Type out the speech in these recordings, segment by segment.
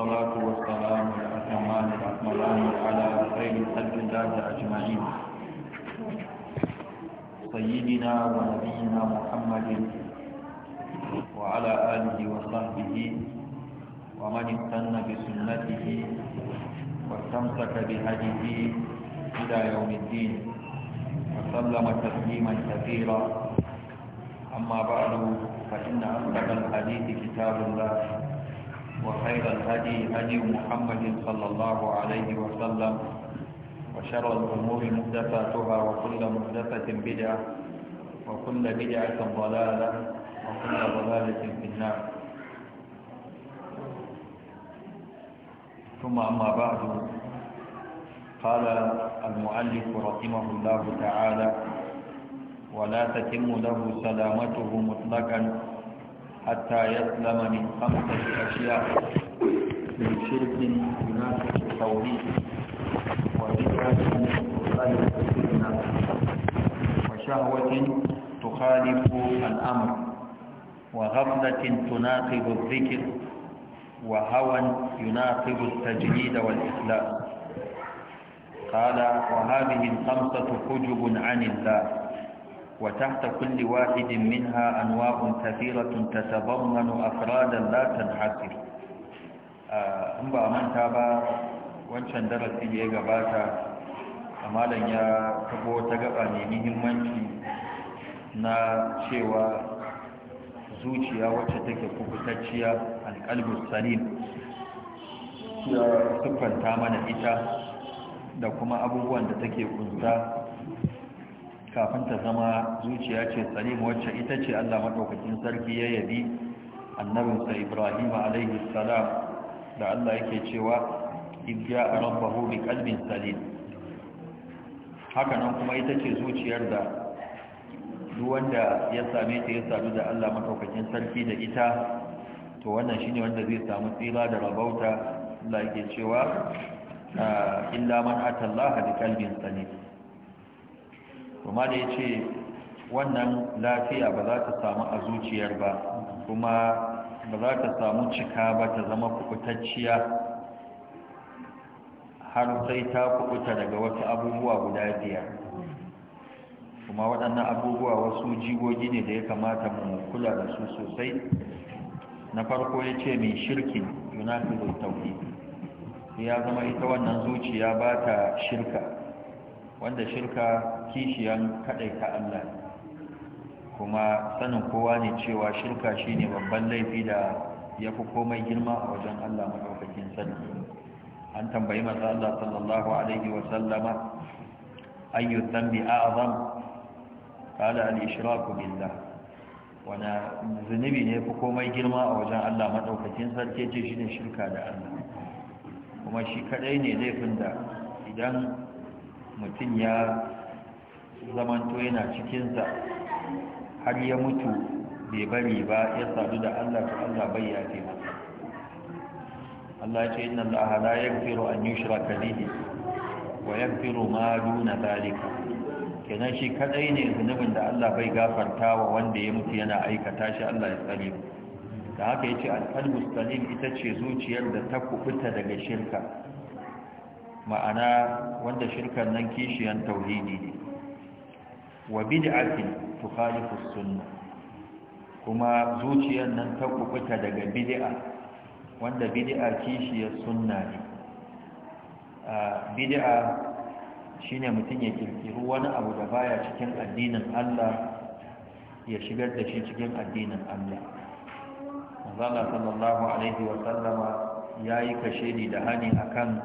والصلاة والسلام الأتمان الأكملان على خير الخلق الله أجمعين سيدنا ونبينا محمد وعلى آله وصحبه ومن استنى بسنته واستمسك بهديه إلى يوم الدين وسلم تسليما كثيرا أما بعد فإن أصدق الحديث كتاب الله وخير الهدي هدي محمد صلى الله عليه وسلم وشر الأمور مهدفاتها وكل مهدفة بدعة وكل بدعة ضلالة وكل ضلالة في النار ثم أما بعد قال المؤلف رحمه الله تعالى ولا تتم له سلامته مطلقا حتى يسلم من خمسة أشياء من شرك يناسب التوحيد وبدعة تخالف السنة وشهوة تخالف الأمر وغفلة تناقض الذكر وهوى يناقض التجديد والإخلاص قال وهذه الخمسة حجب عن الله وتحت كل واحد منها أنواع كثيرة تتضمن أفرادا لا تنحصر أم بأمان تابا وانشان درسي يقباتا أمالا يا تبو تقباني مهمانشي na cewa zuciya wacce take kubutacciya alƙalbus salim ya siffanta mana ita da kuma abubuwan da take kunsa kafin ta zama zuciya ce salim wacce ita ce Allah maɗaukakin sarki ya yabi annabinsa Ibrahim salam da Allah yake cewa ibya rabbahu bi qalbin salim hakanan kuma ita ce zuciyar da duk wanda ya same ta ya sadu da Allah maɗaukakin sarki da ita to wannan shine wanda zai samu tsira da rabauta Allah yake cewa ah, illa man atallaha bi qalbin salim kuma da ya ce wannan lafiya ba za ta samu a zuciyar ba kuma ba za ta samu cika ba ta zama kubutacciya har sai ta kubuta daga wasu abubuwa guda biyar kuma waɗannan abubuwa wasu jigogi ne da ya kamata mu kula da su sosai na farko ya ce mai shirkin yunafiru tauhi ya zama ita wannan zuciya ba ta shirka wanda shirka kishiyan kaɗaita Allah kuma sanin kowa ne cewa shirka shi ne babban laifi da ya fi komai girma a wajen Allah maɗaukakin sarki an tambayi masa Allah sallallahu alaihi wa sallama ayyu dhanbi a'zam qala al-ishraku billah wana zunubi ne fi komai girma a wajen Allah maɗaukakin sarki ce shi ne shirka da Allah kuma shi kadai ne laifin da idan mutum ya zamanto yana cikinsa har ya mutu bai bari ba ya sadu da Allah ta Allah bai ya ce masa Allah ce inna Allah la yaghfiru an yushraka bihi wa yaghfiru ma duna zalika kenan shi kadai ne zunubin da Allah bai gafarta wa wanda ya mutu yana aikata shi Allah ya tsare da haka yace al-qalbu salim ita ce zuciyar da ta kubuta daga shirka ma'ana wanda shirkan nan kishiyan tauhidi ne wa bid'atin tukhalifu sunnah kuma zuciyar nan ta kubuta daga bid'a wanda bid'a kishiyar sunna ne bid'a shine mutum ya kirkiri wani abu da baya cikin addinin Allah ya shigar da shi cikin addinin Allah Allah sallallahu alaihi wa sallama ya yi kashe ni da hani akan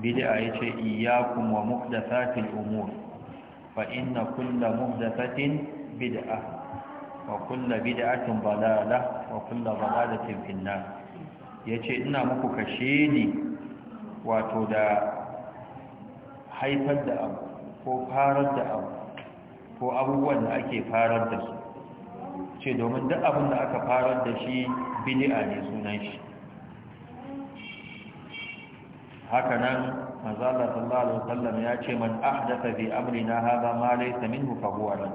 bid'a yace iyyakum wa muhdathatil umur فإن كل مهدفة بدعة وكل بدعة ضلالة وكل ضلالة في النار yace ina muku kashe ni, wato da haifar da abu ko farar da abu ko abubuwan da ake farar da su ce domin duk abin da aka farar da shi bid'a ne sunan shi haka nan manzo Allah sallallahu alaihi wasallam ya ce man ahdatha fi amrina hadha ma laysa minhu fa huwa rad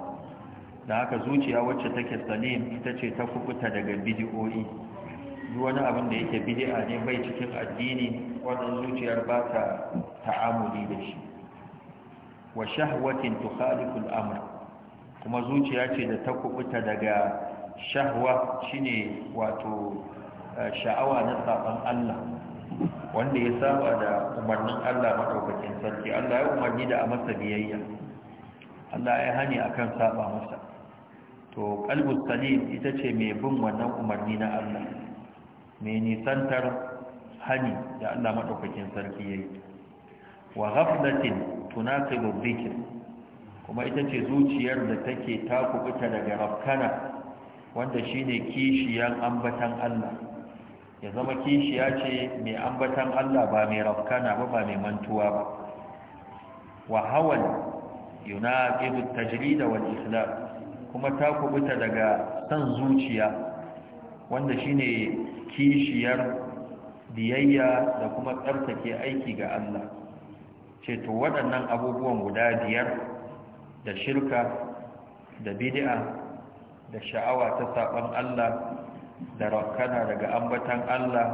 da haka zuciya wacce take salim ita ce ta kubuta daga bid'o'i duk wani abin da yake bid'a ne bai cikin addini wannan zuciyar ba ta ta'amuli da shi wa shahwatin tukhaliqu al-amr kuma zuciya ce da ta kubuta daga shahwa shine wato eh, sha'awa na saban Allah wanda ya saba da umarnin Allah maɗaukacin sarki Allah ya umarni da a masa biyayya Allah ya hani a kan saba masa to qalbus salim ita ce mai bin wannan umarni na Allah mai nisantar hani da Allah maɗaukacin sarki ya yi. wa tuna tunaqibu dhikr kuma ita ce zuciyar da take takubuta daga rafkana wanda shi ne kishiyan ambatan Allah ya zama kishiya ce mai ambatan Allah ba mai rafkana ba ba mai mantuwa ba wa hawan yunaqibu tajrid wal islam kuma ta kubuta daga san zuciya wanda shine kishiyar biyayya da kuma tsarkake aiki ga Allah ce to waɗannan abubuwan guda biyar da shirka da bid'a da sha'awa ta saban Allah da rakana daga ambatan Allah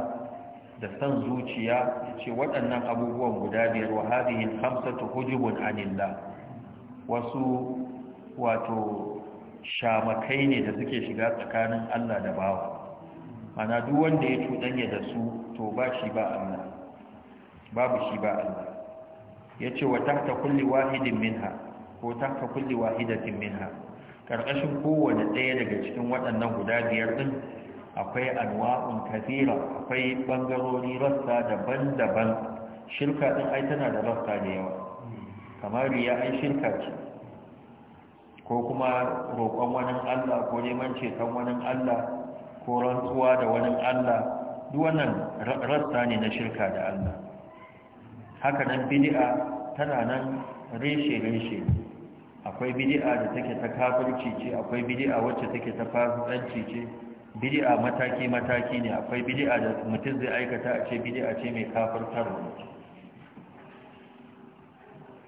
da san zuciya ce waɗannan abubuwan guda biyar wa hadihin hamsatu hujubun anilla wasu wato shamakai ne da suke shiga tsakanin Allah da bawa mana duk wanda ya cuɗanya da su to ba shi ba Allah babu shi ba Allah ce wa tahta kulli wahidin minha ko tahta kulli wahidatin minha karkashin kowane ɗaya daga cikin waɗannan guda biyar ɗin akwai anwa'un kathira akwai bangarori rasta daban-daban shirka din ai tana da rasta da yawa kamar riya ai shirka ce ko kuma roƙon wani Allah ko neman ceton wani Allah ko rantsuwa da wani Allah duk wannan rasta ne na shirka da Allah haka nan bid'a tana nan reshe reshe akwai bidi'a da take ta kafirci ce akwai bidi'a wacce take ta fasikanci ce bid'a mataki mataki ne akwai bid'a da mutum zai aikata a ce bid'a ce mai kafirtarwa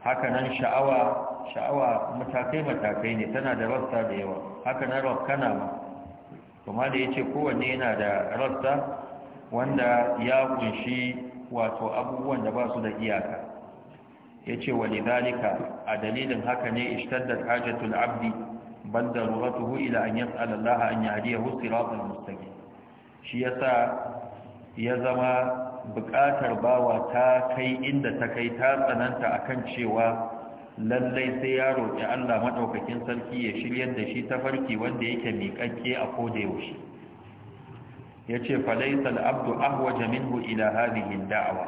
haka nan sha'awa sha'awa matakai matakai ne tana da rassa da yawa haka nan rakkana ma kuma da yace kowanne yana da rassa wanda ya kunshi wato abubuwan da ba su da iyaka yace walidhalika a dalilin haka ne ishtaddat hajatul abdi bal daruratuhu ila an yas'ala Allah an yahdiyahu siratal mustaqim shi yasa ya zama buƙatar bawa ta kai inda ta kai ta tsananta akan cewa lallai sai ya roƙi Allah maɗaukakin sarki ya shiryar da shi ta farki wanda yake miƙaƙƙe a koda yaushe ya ce falaisa al'abdu ahwaja minhu ila hadihin da'awa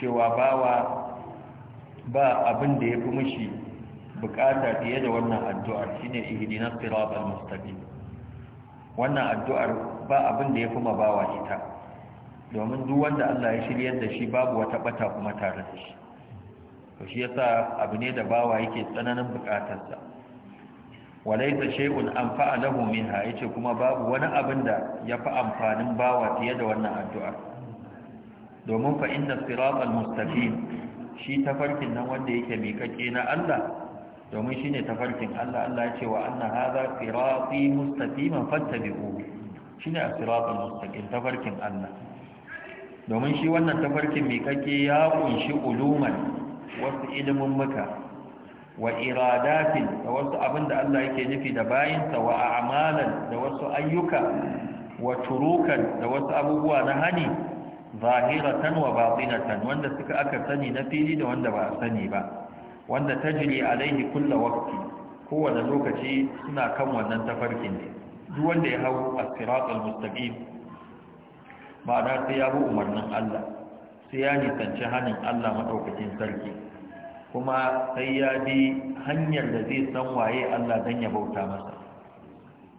cewa bawa ba abin da ya fi mushi bukata fiye da wannan addu'ar shine ihdinas siratal mustafi wannan addu'ar ba abin da yafi mabawa ita domin duwanda Allah ya shiryar da shi babu wata bata kuma tare da shi to shi yasa abu ne da bawa yake tsananin bukatar sa walaysa shay'un anfa'a lahu ya yace kuma babu wani abin da yafi amfanin bawa fiye da wannan addu'ar domin fa inna siratal mustafi shi tafarkin nan wanda yake miƙaƙe na Allah domin shi ne tafarkin Allah Allah ya ce wa anna hadha sirati mustaqiman fattabi'u shine as-siratal mustaqim tafarkin Allah domin shi wannan tafarkin mai kake ya kunshi uluman wasu ilimin muka wa iradatin da wasu abin da Allah yake nufi da bayinsa wa a'malan da wasu ayyuka wa turukan da wasu abubuwa na hani zahiratan wa batinatan wanda suka aka sani na fili da wanda ba a sani ba wanda ta tajri alaihi kulla waqti kowane lokaci suna kan wannan tafarkin ne duk wanda ya hau a siratal mustaqim ba da sai ya bi umarnin Allah sai ya nisanci hanin Allah madaukakin sarki kuma sai ya bi hanyar da zai san waye Allah dan ya bauta masa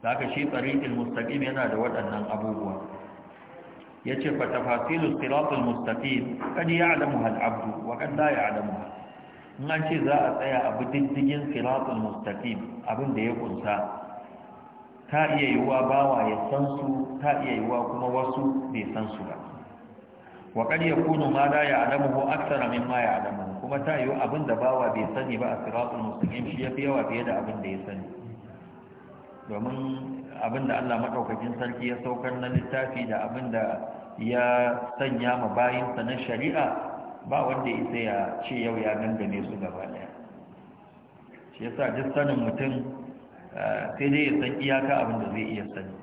zaka shi tariqil mustaqim yana da waɗannan abubuwa yace fa tafasilus siratal mustaqim kad ya'lamuha al-'abdu wa kad la ya'lamuha in an ce za a tsaya abu diddigin siratun mustafi abin da ya kunsa ta iya yiwuwa bawa ya san su ta iya yiwuwa kuma wasu bai san su ba wa ya kunu ma aksara min ma ya adamu kuma ta yiwu abin da bawa bai sani ba a siratun mustafi shi ya fi yawa fiye da abin da ya sani domin abin da Allah maɗaukakin sarki ya saukar na littafi da abin da ya sanya ma bayinsa na shari'a ba wanda ya tsaya ya ce yau ya dangane su gaba daya shi yasa duk sanin mutum eh, sai dai ya san iyaka abin da zai iya sani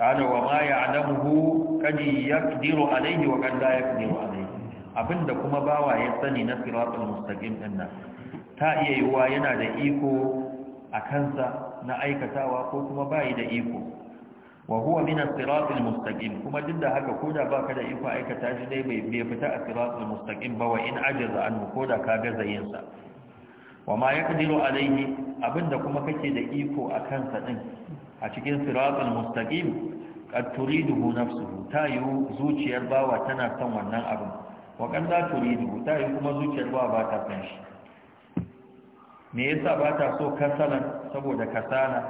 qala wa ma kadi ya yaqdiru alaihi wa qad diru yaqdiru Abin abinda kuma bawa ya sani na siratul mustaqim din nan ta iya yiwa yana da iko a kansa na aikatawa ko kuma bai da iko wa huwa min as-siratil mustaqim kuma duk da haka koda baka da iko aikata shi dai bai bai fita as-siratil mustaqim ba wa in ajaza an koda ka gaza yin sa wa ma yaqdiru alayhi abinda kuma kake da iko akan sa din a cikin siratul mustaqim turidu turiduhu nafsuhu yu zuciyar bawa tana son wannan abin wa kan la ta yu kuma zuciyar bawa ba ta san shi me yasa ba ta so kasalan saboda kasala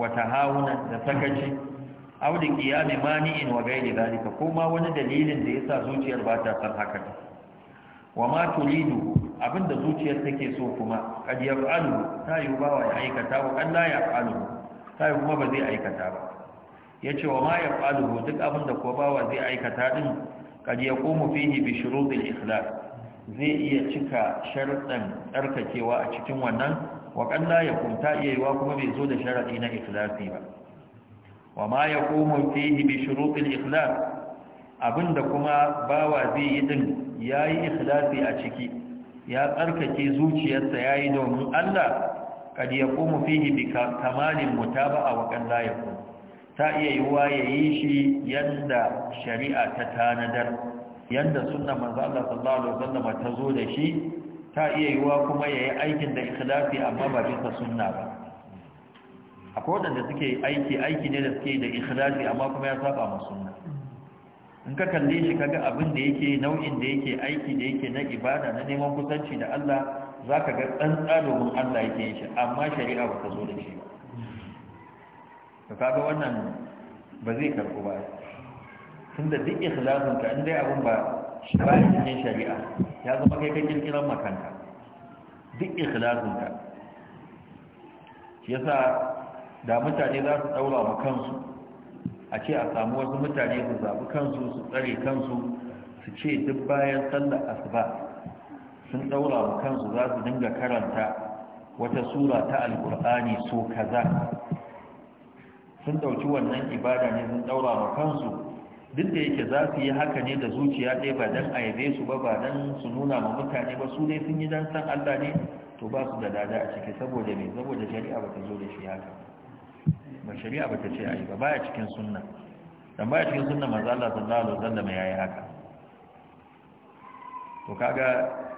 wa tahawuna da sakaci aw da qiyami mani'in wa ghairi zalika ko koma wani dalilin da yasa zuciyar ba ta san haka wa ma turidu abinda zuciyar take so kuma kad yaf'alu ta yi ba wa aikata wa Allah ya fa'alu ta yi kuma ba zai aikata ba yace wa ma yaf'alu duk abinda ko ba wa zai aikata din kad yaqumu fihi bi shurutil ikhlas zai iya cika sharuɗan tsarkakewa a cikin wannan wa la ya kunta iya yiwa kuma bai zo da sharaɗi na ikhlasi ba wa ya komo fihi bi shuruɗin ikhlas abinda kuma bawa zai yi din ya yi ikhlasi a ciki ya tsarkake zuciyarsa ya yi domin allah kad ya komo fihi bi kamalin muta wa a layakun ta iya yiwuwa ya yi shi yadda shari'a ta tanadar yadda suna manzo Allah sallallahu alaihi ta zo da shi ta iya yiwuwa kuma ya yi aikin da ikhlasi amma ba bisa sunna ba akwai waɗanda suke aiki aiki ne da suke da ikhlasi amma kuma ya saba ma sunna in ka kalle shi kaga abin da yake nau'in da yake aiki da yake na ibada na neman kusanci da Allah ka ga tsantsa domin Allah yake yin shi amma shari'a ba ta zo da shi ba kaga wannan ba zai karɓu ba tunda duk ikhlasin ka in dai abin ba shi ba cikin shari'a ya zama kai ka kirkiran makanka duk ikhlasin ka shi yasa da mutane za su daura wa kansu a ce a samu wasu mutane su zaɓi kansu su tsare kansu su ce duk bayan sallar asuba sun daura wa kansu za su dinga karanta wata sura ta alkur'ani so kaza sun dauki wannan ibada ne sun daura wa kansu duk da yake za su yi haka ne da zuciya ɗaya ba don a yabe su ba ba don su nuna ma mutane ba su dai sun yi don san Allah ne to ba su da dada a ciki saboda mai saboda shari'a ba ta zo da shi haka ba shari'a ba ta ce ayi ba baya cikin sunna dan baya cikin sunna manzo Allah sallallahu alaihi wasallam yayi haka to kaga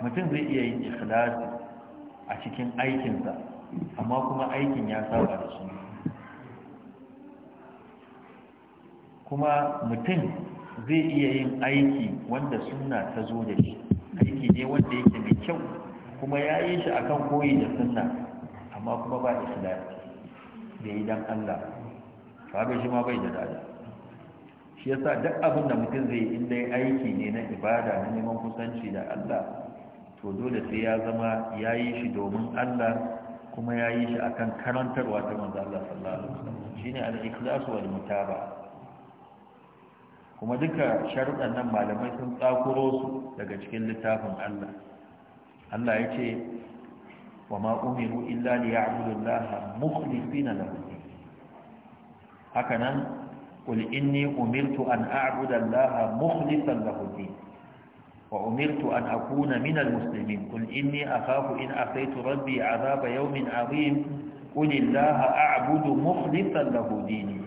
mutum zai iya yin ikhlasi a cikin aikinsa amma kuma aikin ya saba da sunna kuma mutum zai iya yin aiki wanda sunna ta zo da shi aiki ne wanda yake mai kyau kuma ya yi shi akan koyi da sunna amma kuma ba ikhlasi da yi dan Allah kaga shi ma bai da daɗi. shi yasa duk abin da mutum zai in dai aiki ne na ibada na neman kusanci da Allah to dole sai ya zama yayi shi domin Allah kuma yayi yi shi akan karantarwa ta manzo Allah sallallahu alaihi wasallam shine al-ikhlas wal mutaba kuma duka sharuɗan nan malamai sun tsakuro su daga cikin littafin Allah Allah ya ce wama umiru illa li ya'budullaha mukhlisina lahu ad-din hakanan qul inni umirtu an a'budallaha mukhlisan lahu ad-din wa umirtu an akuna minal al-muslimin qul inni akhafu in asaytu rabbi 'adaba yawmin 'azim qul illaha a'budu mukhlisan lahu ad-din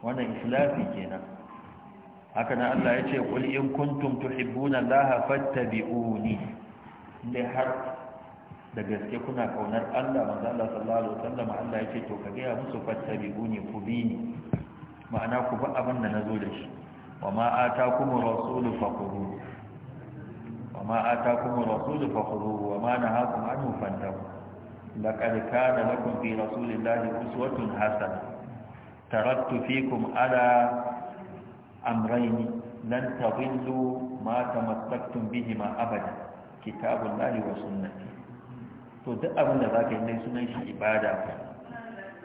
wana ikhlasi kina hakanan allah yace qul in kuntum tuhibbuna allaha fattabi'uni li hatta da gaske kuna kaunar Allah manzo Allah sallallahu alaihi wasallam Allah ya to ka ga musu fattabi'uni ku bi ni ma'ana ku bi abin da nazo da shi wa ma atakum rasulu fakhudhu wa ma atakum rasulu fakhudhu wa ma nahakum anhu fantahu laqad kana lakum fi rasulillahi uswatun hasana taraktu fikum ala amrayn lan tadillu ma tamassaktum bihima abada kitabullahi wa sunnati to duk abin da za ka yi sunan shi ibada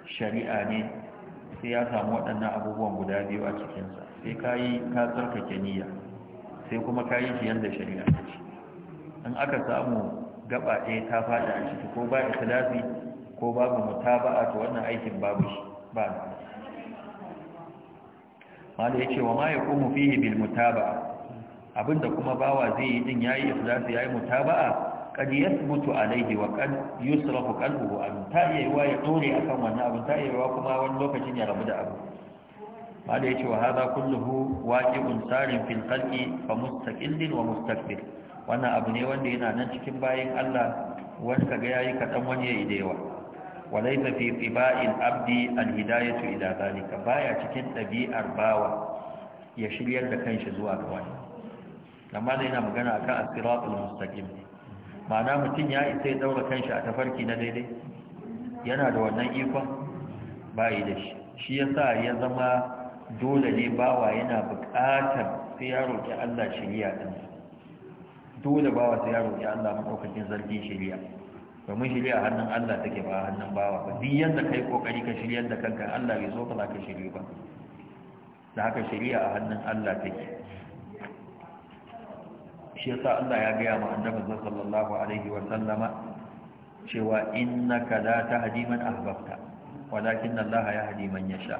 shari'a ne sai ya samu waɗannan abubuwan guda biyu a cikinsa sai ka yi ka tsarkake sai kuma ka yi shi yadda shari'a ta ce in aka samu gaba ɗaya ta faɗi a ciki ko ba ikhlasi ko babu a ta wannan aikin babu shi ba malai yace wa ma yaqumu fiye bil mutaba abinda kuma bawa zai yi din ya yi yayi yi yayi mutaba'a kad yathbutu alayhi wa kad yusrafu qalbuhu an ta iya yiwa ya dore akan wannan abin ta iya kuma wani lokacin ya rabu da abu ma da yace wa hadha kulluhu waqi'un sarin fil qalbi fa mustaqillin wa mustakbir wannan abu ne wanda yana nan cikin bayin Allah wani kaga yayi kadan wani yayi da yawa walaysa fi iba'il abdi alhidayatu ila zalika baya cikin dabi'ar bawa ya shiryar da kanshi zuwa ga wani amma da yana magana akan as-siratul mustaqim ma'ana mutum ya isa ya daura kanshi a tafarki na daidai yana da wannan ikon bayi da shi shi ya sa ya zama dole ne bawa yana buƙatar sai ya roƙi Allah shari'a din dole bawa sai ya roƙi Allah maɗaukacin zargin shari'a domin shari'a hannun Allah take ba hannun bawa ba duk yanda kai ƙoƙari ka shirya da kanka Allah bai zo ka za ka shirya ba da haka shari'a a hannun Allah take shi yasa Allah ya gaya ma annabi sallallahu alaihi wa sallama cewa innaka la tahdi man ahbabta walakin Allah yahdi man yasha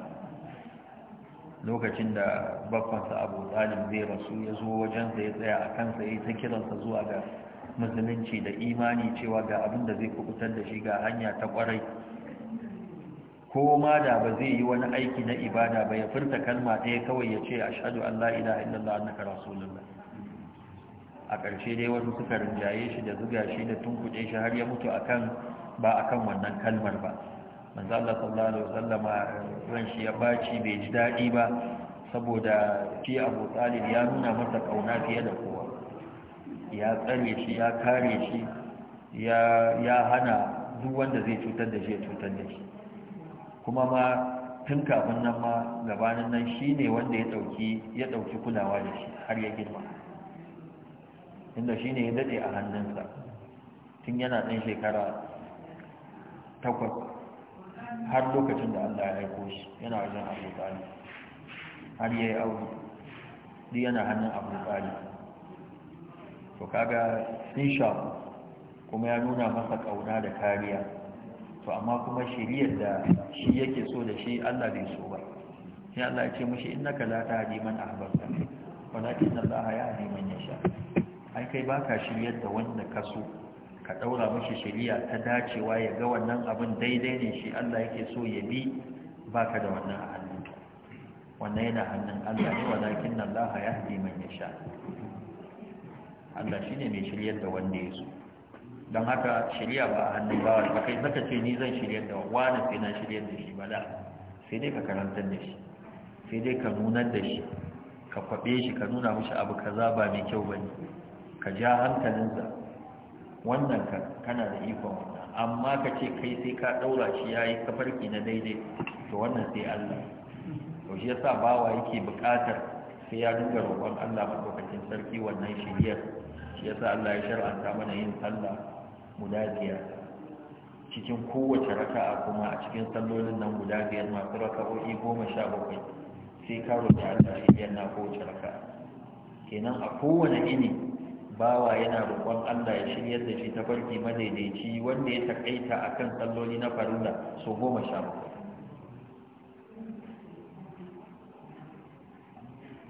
lokacin da bakwansa Abu Talib zai rasu ya zo wajen sa ya tsaya a kansa ta kiransa zuwa ga musulunci da imani cewa ga abin da zai kubutar da shi ga hanya ta kwarai ko ma da ba zai yi wani aiki na ibada ba ya furta kalma ɗaya kawai ya ce ashadu an la illallah annaka rasulullah a ƙarshe dai wasu suka rinjaye shi da zuga shi da tunkuɗe shi har ya mutu akan ba a kan wannan kalmar ba manzo Allah sallallahu alaihi wasallam ran shi ya baci bai ji daɗi ba saboda shi Abu Talib ya nuna masa kauna fiye da kowa ya tsare shi ya kare shi ya ya hana duk wanda zai cutar da shi ya cutar da shi kuma ma tun kafin nan ma gabanin nan shine wanda ya dauki ya dauki kulawa da shi har ya girma inda shi ne ya daɗe a hannunsa tun yana ɗan shekara takwas har lokacin da allah ya aiko shi yana wajen abu tsari har ya yi duk yana hannun abu tsari to kaga sun kuma ya nuna masa ƙauna da kariya to amma kuma shiriyar da shi yake so da shi allah bai so ba sai allah ya ce mashi za ta tahdi man za a haya yahdi man sha? ai kai baka shiryar da wanda ka so ka daura mishi shari'a ta dacewa ya ga wannan abin daidai ne shi Allah yake so ya bi baka da wannan a wannan yana hannun Allah ne walakin Allah yahdi man yasha Allah shine mai shiryar da wanda ya so don haka shari'a ba a hannun bawa ba kai zaka ce ni zan shirya da wani sai na shirya da shi bala sai dai ka karantar da shi sai dai ka nunar da shi ka kwabe shi ka nuna mishi abu kaza ba mai kyau ba ne ka ja hankalinsa wannan ka kana da ikon wannan amma ka ce kai sai ka ɗaura shi ya yi kafarki na daidai to wannan sai Allah to shi yasa bawa yake buƙatar sai ya dinga roƙon Allah madaukakin sarki wannan shiriyar shi yasa Allah ya shar'anta mana yin sallah guda biyar cikin kowace raka'a kuma a cikin sallolin nan guda biyar masu raka'o'i goma sha bakwai sai ka roƙi Allah shiriyar na kowace raka'a kenan a kowane ini bawa yana roƙon Allah ya shiryar da shi ta farki madaidaici wanda ya takaita kan tsalloli na farilla sau goma sha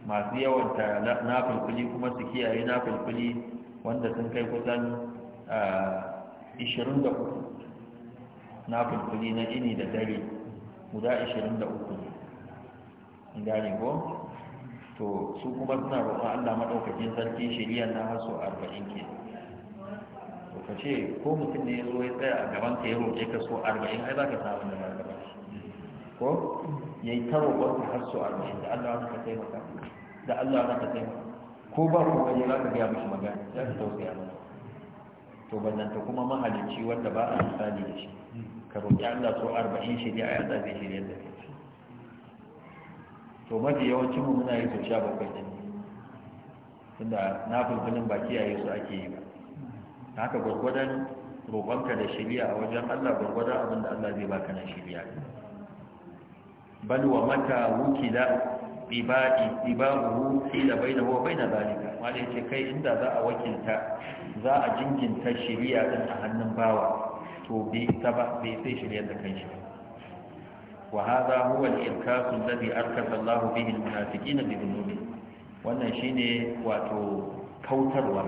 masu yawan ta na fulfuli kuma su kiyaye na fulfuli wanda sun kai kusan 23 ah, na fulfuli na ini da dare guda 23 ne gane ko to su kuma suna roƙon Allah madaukakin sarki shari'a na haso 40 ke to ka ce ko mutum ne ya zo ya tsaya a gaban ka ya roƙe ka so 40 ai zaka samu da ba ko yayi ta roƙon ka har so 40 da Allah zaka taimaka da Allah zaka taimaka ko ba ku gani ka ga mishi magana za ka tausaya masa to bazanta kuma mahalicci wanda ba a misali da shi ka roƙi Allah so 40 shari'a ya zabe shari'a da kai to mafi yawancin mu muna yi sau sha bakwai ne tunda na fulfulin ba kiyaye su ake yi ba haka gwargwadon roƙonka da shirya a wajen Allah gwargwadon abin da Allah zai baka na shirya balwa wa mata wukila ibadi ibahu bai bainahu wa na zalika wani yake kai inda za a wakilta za a jinginta shirya din a hannun bawa to bai ta ba bai sai shirya da kan ba وهذا هو الإركاس الذي أركس الله به المنافقين بذنوبهم wannan shine wato kautarwa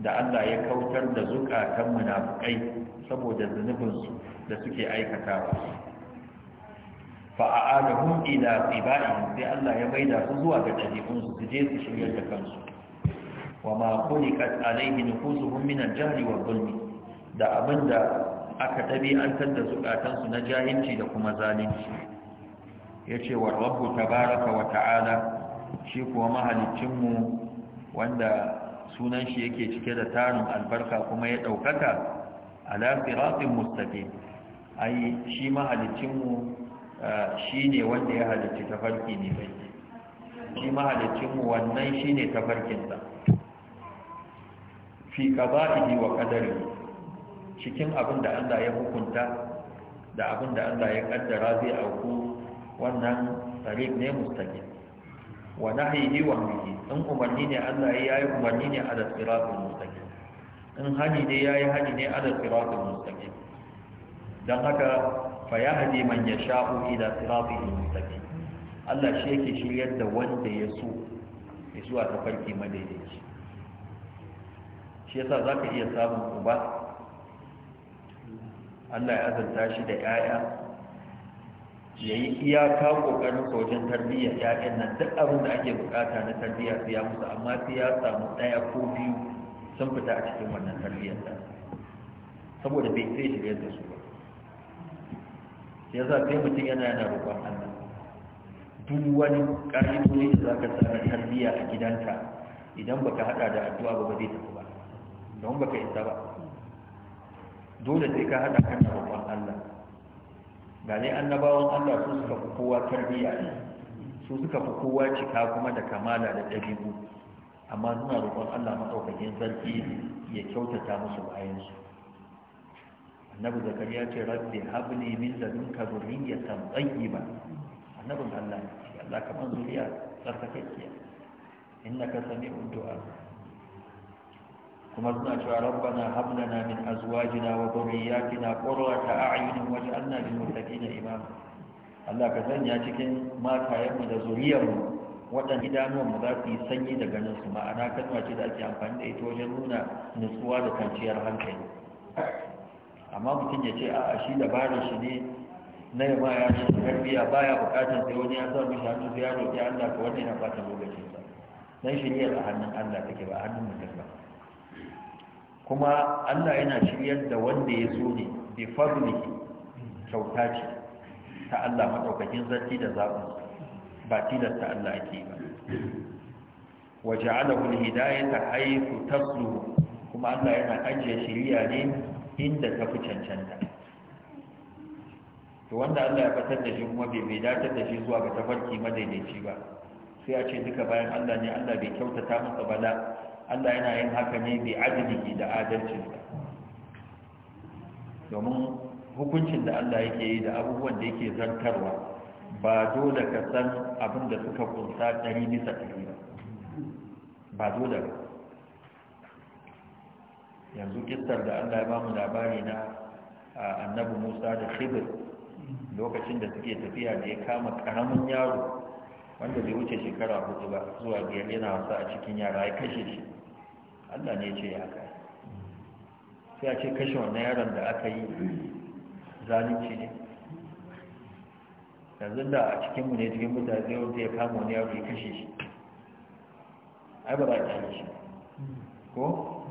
da Allah ya kautar da zukatan munafikai saboda zunubinsu da suke aikatawa fa'adahum ila qibaihim sai Allah ya maida su zuwa ga dabi'unsu su je su shirya da kansu wa ma khuliqat alayhi nufusuhum min al-jahli wal-zulmi da abinda aka ɗabi'antar da zukatansu na jahilci da kuma zalunci ya ce wa rabu tabaraka wa ta'ala shi kuwa mahalicinmu wanda sunan shi yake cike da tarin albarka kuma ya ɗaukaka ala siratin mustaqim ai shi mahalicinmu shi ne wanda ya halicci tafarki ne mai shi mahalicinmu wannan shi ne tafarkinsa fi ka ƙaba'ihi wa ƙadari cikin abin da Allah ya hukunta da abin da Allah ya kaddara zai auku wannan tariq ne mustaqim wa nahyihi wa amrihi in umarni ne Allah ya yi umarni ne ala siratul mustaqim in hani ne ya yi hani ne ala siratul mustaqim dan haka fa yahdi man yasha'u ila siratil mustaqim Allah shi yake shiryar da wanda ya so ya zuwa tafarki madaidaici shi yasa zaka iya samun uba Allah ya azanta shi da 'ya'ya ya yi iyaka ƙoƙarin wajen tarbiyyar 'ya'yan nan duk abin da ake bukata na tarbiyya su ya musu amma su ya samu ɗaya ko biyu sun fita a cikin wannan tarbiyyar ta saboda bai sai shiga yadda su ba Ya yasa sai mutum yana yana roƙon Allah duk wani ƙarfi da za ka samu tarbiyya a gidanta idan baka haɗa da addu'a ba ba zai tafi ba don baka isa ba dole sai ka haɗa kan babban Allah ga annabawan Allah su suka fi kowa tarbiyya ne su suka fi kowa cika kuma da kamala da ɗabi'u amma suna roƙon Allah maɗaukakin sarki ya kyautata musu bayansu annabi zakariya ce rabbi habli min ladunka zurriyatan tayyiba annabin Allah ya ce Allah kaman zuriya tsarkakakkiya innaka sami'ud du'a kuma suna cewa rabbana hablana min azwajina wa dhurriyyatina qurrata a'yun waj'alna lil muttaqina imama Allah ka sanya cikin matayenmu da zuriyarmu waɗanda mu za su yi sanyi da ganin su ma'ana kalma ce da ake amfani da ita wajen nuna nutsuwa da kanciyar hankali amma mutum ya ce a'a shi labarin shi ne na yamma ya ce tarbiya baya bukatar sai wani ya sa mishi hannu sai ya roƙi Allah ka fata lokacinsa dan ne a hannun Allah take ba a hannun mutum ba kuma Allah yana shiryar da wanda ya zo ne bi fadli kyauta ta Allah madaukakin zarti da zaɓin ba tilasta Allah ake ba wa ja'alahu hidayata haythu tasluhu kuma Allah yana ajiye shiriya ne inda ta fi cancanta to wanda Allah ya fatar da shi kuma bai bai datar da shi zuwa ga tafarki madaidaici ba sai a ce duka bayan Allah ne Allah bai kyautata masa bala Allah yana yin haka ne bi adlihi da adalci domin hukuncin da Allah yake yi da abubuwan da yake zartarwa ba dole ka san abin da suka kunsa ɗari bisa ɗari ba ba dole ba yanzu kistar da Allah ya bamu labari na annabi Musa da Khidir lokacin da suke tafiya da ya kama karamin yaro wanda bai wuce shekara hudu ba zuwa biyar yana wasa a cikin yara ya kashe shi Allah ne ce ya kai sai a ce kashe wannan yaron da aka yi zalunci ne yanzu da a cikinmu ne cikin mutane zai wata ya kama wani yaro ya kashe shi ai ba za a shi ko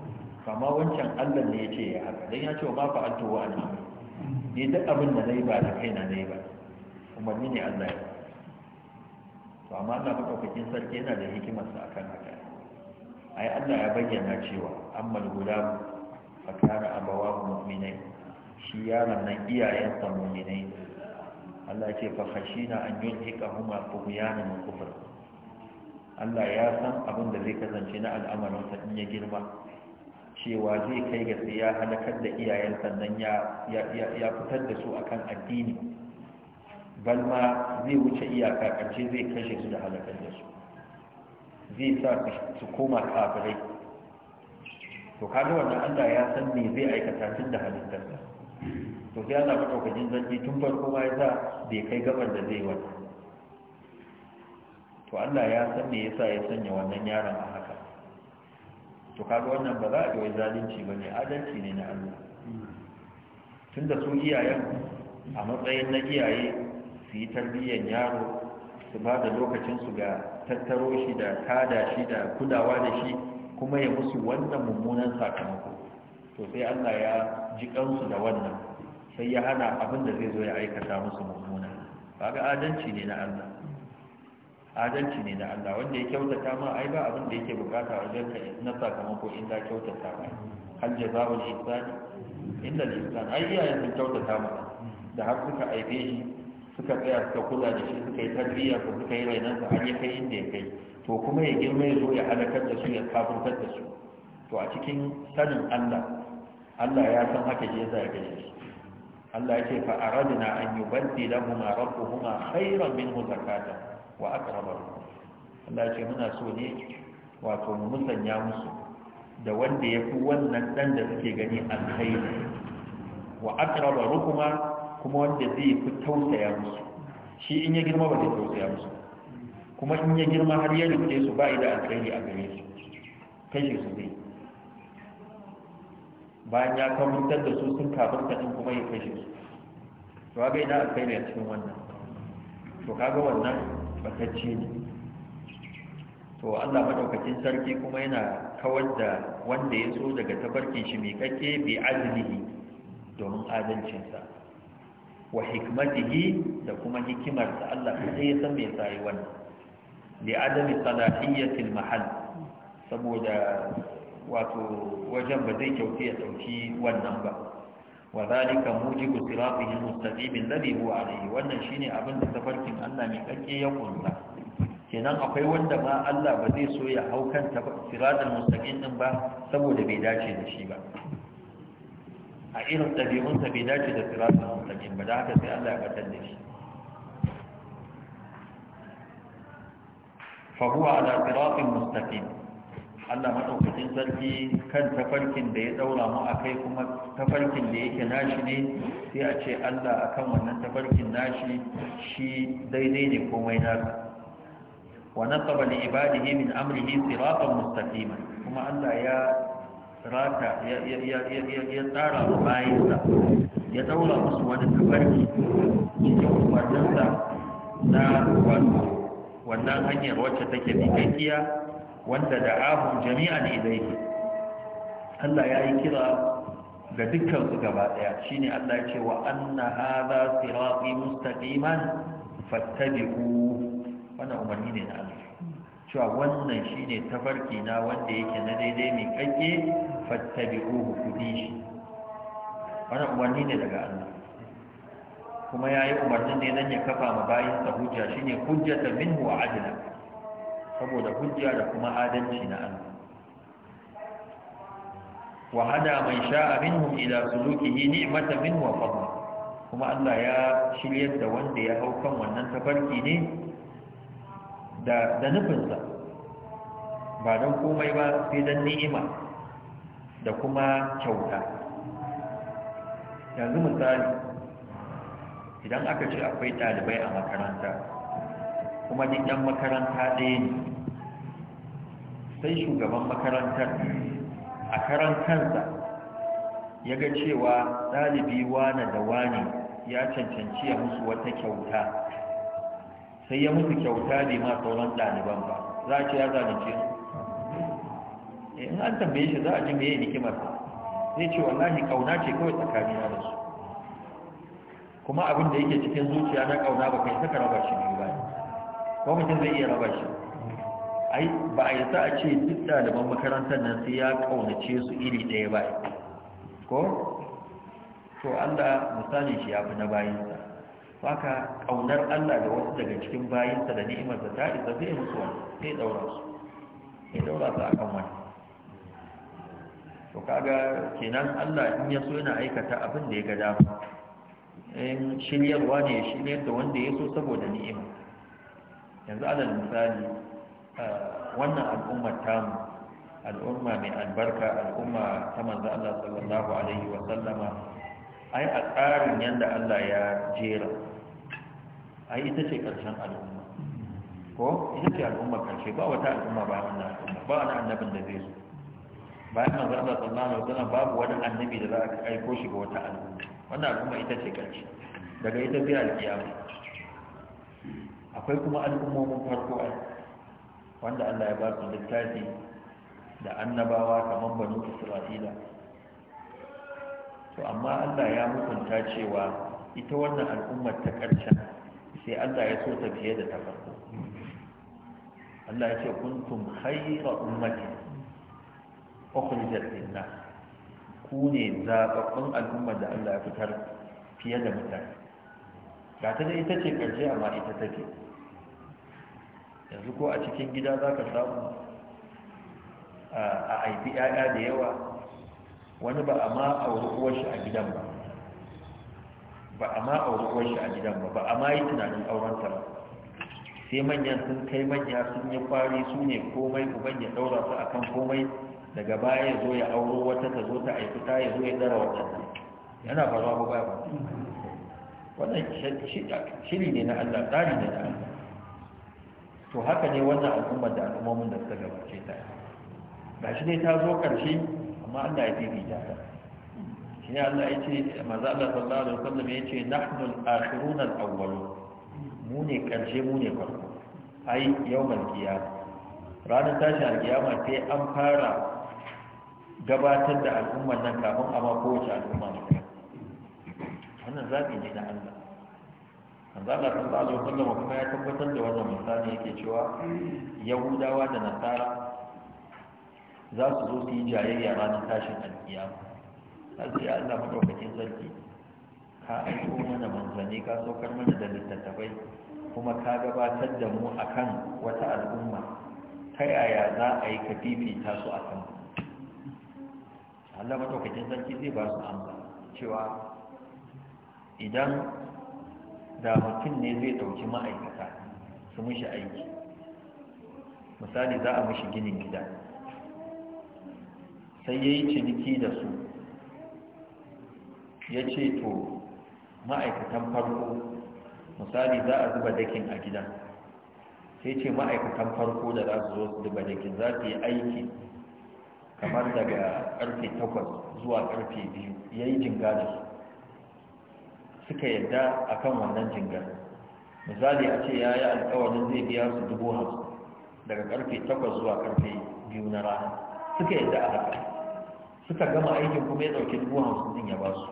kama wancan allah ne ya ce ya haka don ya ce wa ma fa alto wa ana ne duk abin da na yi ba da na yi ba umarni ne allah ya to amma allah maɗaukakin sarki yana da hikimarsa a kan ai Allah ya bayyana cewa ammal gulam fa kana abawahu mu'minai shi yaron nan iyayensa mu'minai Allah ce fa khashina an yulhika huma tughyanan wa kufr Allah ya san abin da zai kasance na al'amarin sa in ya girma cewa zai kai ga sai ya halakar da iyayen nan ya ya fitar da su akan addini balma zai wuce iyaka ƙarshe zai kashe su da halakar da su zai sa su koma kafirai to kaga wannan Allah ya san me zai aikata tun da halittarsa to sai ana Allah madaukakin zanci tun farko ma yasa bai kai gaban da zai wata to Allah ya san me yasa ya sanya wannan yaron a haka to kaga wannan ba za a yi zalunci bane adalci ne na Allah Tun da su iyayen a matsayin na iyaye su yi tarbiyyar yaro su ba da lokacinsu ga tattaro shi da tada shi da kudawa da shi kuma ya musu wannan mummunan sakamako to sai Allah ya ji kansu da wannan sai ya hana abin da zai zo ya aikata musu mummuna ga adalci ne na Allah adalci ne na Allah wanda ya kyautata ma ai ba abin da yake bukata wajen ka na sakamako in za kyautata ba hal jazaa'ul ihsan illa al ihsan ai iyayen sun kyautata ma da har suka aibe shi suka tsaya suka kula da shi suka yi tarbiyya ko suka yi rainansa har ya kai inda ya kai to kuma ya girma ya zo ya halakar da su ya kafurtar da su to a cikin sanin Allah Allah ya san haka je za ya gaje shi Allah yake fa aradna an yubaddilahuma rabbuhuma khayran minhu zakata wa aqraba Allah ce muna so ne wato mu musanya musu da wanda yafi wannan dan da suke gani alkhairi wa aqraba rukuma kuma wanda zai fi tausaya musu shi in ya girma ba zai tausaya musu kuma in ya girma har ya rike su ba da alkhairi a gare su kashe su zai bayan ya kamuntar da su sun kafin din kuma ya kashe su to ga ina alkhairi a cikin wannan to kaga wannan batacce ne to Allah madaukakin sarki kuma yana kawar da wanda ya so daga tabarkin shi mai kake bi azlihi domin adalcinsa wa hikmatihi da kuma hikimarsa Allah sai ya san me sai wannan li adami salahiyyatil mahall saboda wato wajen ba zai kyautu ya dauki wannan ba wa zalika mujibu siratihi mustaqim alladhi huwa alayhi wannan shine abin da tafarkin Allah mai kake ya kunta kenan akwai wanda ma Allah ba zai so ya hau kan siratal mustaqim din ba saboda bai dace da shi ba a irin ɗabi'unsa bai dace da siratun mustaqim ba da haka sai Allah ya batar da shi fa huwa ala siratin mustaqim Allah madaukakin sarki kan tafarkin da ya daura mu a kai kuma tafarkin da yake nashi ne sai a ce Allah a kan wannan tafarkin nashi shi daidai ne komai nasa wa nasaba li ibadihi min amrihi siratan mustaqiman kuma Allah ya rata ya tsara wa bayansa ya daura musu wani tafarki cikin umarninsa na wato wannan hanyar wacce take miƙaƙiya wanda da ahun jami'an ilaihi Allah ya yi kira ga dukkan su gaba ɗaya ne Allah ya ce wa anna hadha sirati mustaqiman fattabi'u wannan umarni ne na Allah cewa wannan shi ne tafarki na wanda yake na daidai mai kakke fattabi'uhu ku bi shi wannan umarni ne daga Allah kuma ya yi umarnin ne nan ya kafa ma bayansa hujja shine hujjata minhu wa adla saboda hujja da kuma adalci na Allah wa hada man sha'a minhum ila sulukihi ni'matan minhu wa fadla kuma Allah ya shiryar da wanda ya hau kan wannan tafarki ne da da nufinsa ba don komai ba sai don ni'ima da kuma kyauta yanzu misali idan aka ce akwai ɗalibai a makaranta kuma duk ɗan makaranta ɗaya ne sai shugaban makarantar a karan kansa ya ga cewa ɗalibi wane da wane ya cancanci ya musu wata kyauta sai ya musu kyauta ne ma sauran ɗaliban ba za a ce ya zalunce su in an tambaye shi za a ji me yayi zai ce wallahi kauna ce kawai tsakanina da su kuma abin da yake cikin zuciya na kauna ba kai saka raba shi biyu ba ko mutum zai iya raba shi ai ba a yasa a ce duk ɗaliban makarantar nan sai ya kaunace su iri ɗaya ba ko to Allah misali shi ya fi na bayinsa haka kaunar Allah da wasu daga cikin bayinsa da ni'imar da ta isa zai musu wani sai daura su sai daura su kan wani to kaga kenan Allah in ya so yana aikata abin da ya gada ba in shiryarwa ne shiryar da wanda ya so saboda ni'ima yanzu alal misali eh, wannan al'ummar tamu al'umma mai albarka al'umma ta manzo Allah sallallahu alaihi wa sallama ai a tsarin yanda Allah ya jera ai ita ce karshen al'umma ko ita ce al'umma karshe ba wata al'umma ba wannan al'umma ba wani annabin da zai zo bayan manzo Allah sallallahu alaihi wasallam babu wani annabi da za a aiko shi ga wata al'umma wannan al'umma ita ce karshe daga ita sai alkiyama akwai kuma al'ummomin farko wanda Allah ya ba su littafi da annabawa kamar banu Isra'ila to amma Allah ya hukunta cewa ita wannan al'ummar ta karshen sai Allah ya so ta fiye da ta farko Allah ya ce kuntum khayra ummatin ukhrijat lin-nas ku ne zaɓaɓɓun al'umma da Allah ya fitar fiye da mutane ga ta dai ita ce ƙarshe amma ita take yanzu ko a cikin gida za ka samu a aifi 'ya'ya da yawa wani ba a ma auri uwar shi a gidan ba ba a ma auri uwar shi a gidan ba ba a ma yi tunanin aurenta ba sai manyan sun kai manya sun yi kwari su ne komai uban ya daura su kan komai daga baya ya zo ya auro wata ta zo ta aiki ta ya zo ya dara waɗannan yana faruwa ko ba wannan shiri ne na Allah tsari ne na Allah to haka ne wannan al'ummar da al'ummomin da suka gabace ta Ba shi ne ta zo ƙarshe amma Allah ya fifita ta shi ne Allah ya ce maza Allah sallallahu alaihi wasallam ya ce nahnu al-akhirun al-awwalun mu ne ƙarshe mu ne farko ai yau qiyamah ranar tashin alkiyama sai an fara gabatar da al'ummar nan kafin a ma kowace al'umma ne wannan zaɓi ne na Allah manzo Allah sallallahu alaihi wasallam kuma ya tabbatar da wannan misali yake cewa yahudawa da nasara za su zo su yi jayayya ranar tashin alkiyama har sai Allah madaukakin sarki ka aiko mana manzanni ka saukar mana da littattafai kuma ka gabatar da mu akan wata al'umma ta yaya za a yi ka fifita su a kanku Allah madaukakin sarki zai ba su amsa cewa idan da mutum ne zai dauki ma'aikata su mushi aiki misali za a mushi ginin gida sai ya yi ciniki da su ya ce to ma'aikatan farko misali za a zuba dakin a gidan sai ce ma'aikatan farko da za su zo su zuba dakin za su yi aiki kamar daga karfe takwas zuwa karfe biyu ya yi jinga da su suka yadda a kan wannan jingar misali a ce ya yi alkawarin zai biya su dubu hamsin daga karfe takwas zuwa karfe biyu na rana suka yadda a haka suka gama aikin kuma ya ɗauki dubu hamsin din ya ba su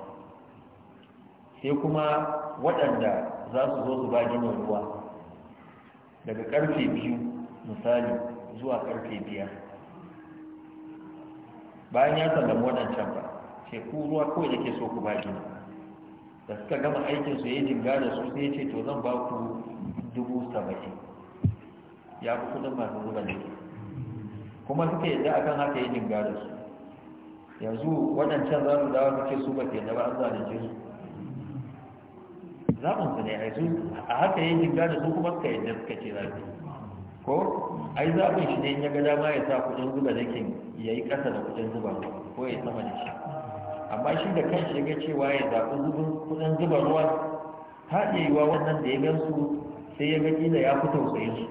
sai kuma waɗanda za su zo su ba ginin ruwa daga karfe biyu misali zuwa karfe biyar bayan ya sallama waɗancan ba sai ku ruwa kawai yake so ku baki da suka gama aikin su yi jinga da su sai ce to zan ba ku dubu saba'in ya fi kudin masu zuba ke kuma suka yadda akan haka yi jinga da su yanzu waɗancan za su dawo suke su ba ke da ba an zalunce su zaɓin su ne a haka yi jinga da su kuma suka yadda suka ce za su ko ai zaɓin shi ne in ya ga dama ya sa kuɗin zuba ke ya yi ƙasa da kuɗin zuba ko ya sama da shi amma shi da kanshi ya ga cewa ya zaɓi zubin kuɗin zuba ruwa ta iya wa wannan da ya gansu sai ya ga ƙila ya fi tausayin su